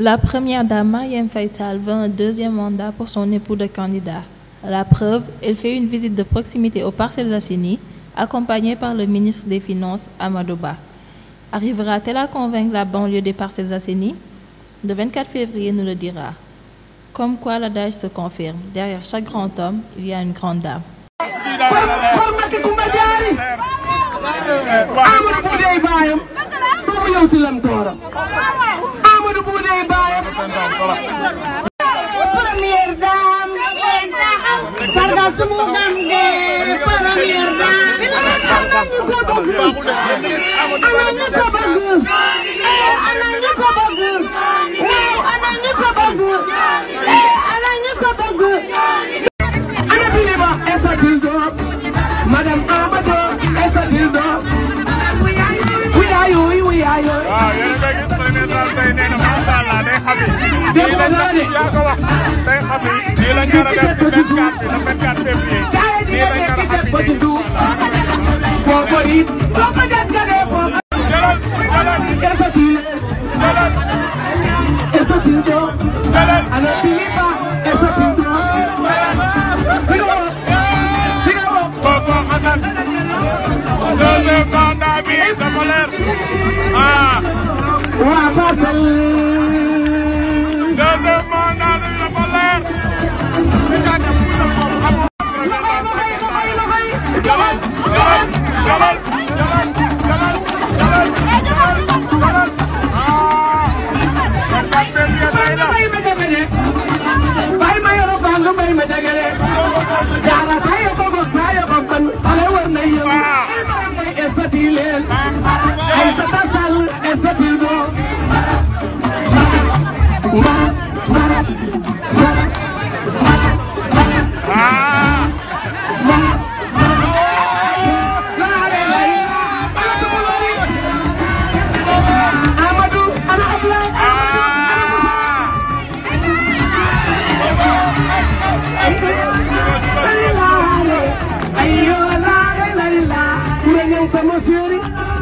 La première dame, Mariam Faisal, veut un deuxième mandat pour son époux de candidat. La preuve, elle fait une visite de proximité aux parcelles assainies, accompagnée par le ministre des Finances, Amadouba. Arrivera-t-elle à convaincre la banlieue des parcelles assainies Le 24 février nous le dira. Comme quoi l'adage se confirme, derrière chaque grand homme, il y a une grande dame. mooy baayam première dame sargal sumu gan de première dame ana ñu ko bëgg ana ñu ko bëgg ana ñu ko bëgg waaw ana ñu ko bëgg ana ñu ko bëgg ana Billy Ba est-ce qu'il dort madame Abato est-ce qu'il dort bi nee na macha allah day xam ni lii lañ la yaa ko wax day xam ni lii lañ nar a def ci 24 bi le 24 février lii lañ nar a appliqué incha allah. Sall. deuxièmement naa ne la ba leer. Bye, my other band, my ñëw sama séeri